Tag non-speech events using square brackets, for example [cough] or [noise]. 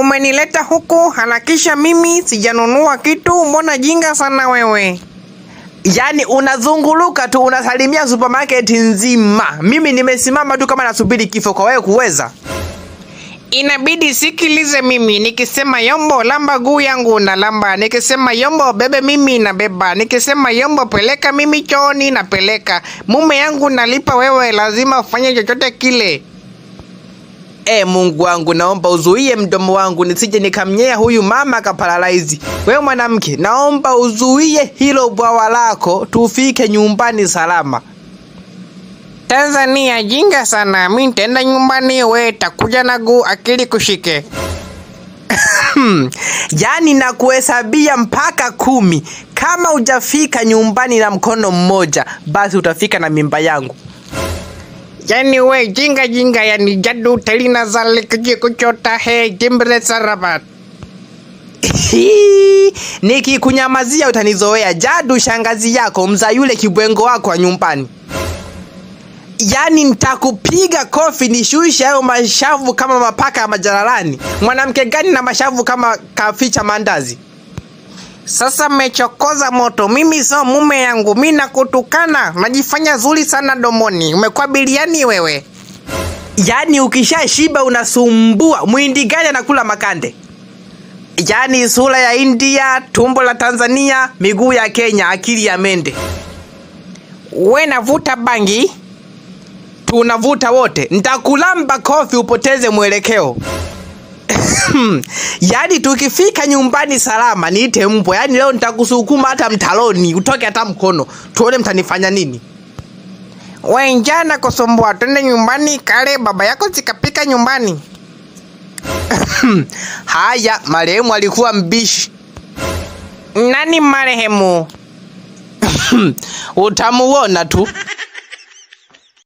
umenileta huku halakisha, mimi sijanunua kitu. Mbona jinga sana wewe? Yaani unazunguluka tu unasalimia supermarket nzima, mimi nimesimama tu kama nasubiri kifo kwa wewe kuweza. Inabidi sikilize mimi, nikisema yombo lamba guu yangu na lamba, nikisema yombo bebe mimi na beba, nikisema yombo peleka mimi chooni na peleka, mume yangu nalipa, wewe lazima ufanye chochote kile. E, Mungu wangu, naomba uzuie mdomo wangu nisije nikamnyea huyu mama akaparalaizi. We mwanamke, naomba uzuie hilo bwawa lako, tufike nyumbani salama. Tanzania jinga sana, mi nitaenda nyumbani, we takuja nagu akili kushike. Hmm, yani nakuhesabia mpaka kumi. Kama ujafika nyumbani na mkono mmoja, basi utafika na mimba yangu. Yani we jinga jinga yani jadu talina zale kuje kuchota he jimbre sarabat. Nikikunyamazia utanizoea jadu shangazi yako mza yule kibwengo wako wa nyumbani. Yaani ntakupiga kofi nishushe hayo mashavu kama mapaka ya majaralani. Mwanamke gani na mashavu kama kaficha mandazi? Sasa mmechokoza moto. Mimi sio mume yangu, mi nakutukana, najifanya zuri sana domoni. Umekuwa biliani wewe. Yaani ukishashiba unasumbua. Mwindi gani anakula makande? Yaani sura ya India, tumbo la Tanzania, miguu ya Kenya, akili ya mende. We navuta bangi, tunavuta wote. Ntakulamba kofi upoteze mwelekeo. [coughs] yani tukifika nyumbani salama niite mbwa. Yani leo nitakusukuma hata mtaloni, utoke hata mkono, tuone mtanifanya nini. Wenjana kusumbua, twende nyumbani kale, baba yako zikapika nyumbani. [coughs] Haya, marehemu alikuwa mbishi. Nani marehemu? [coughs] Utamuona tu.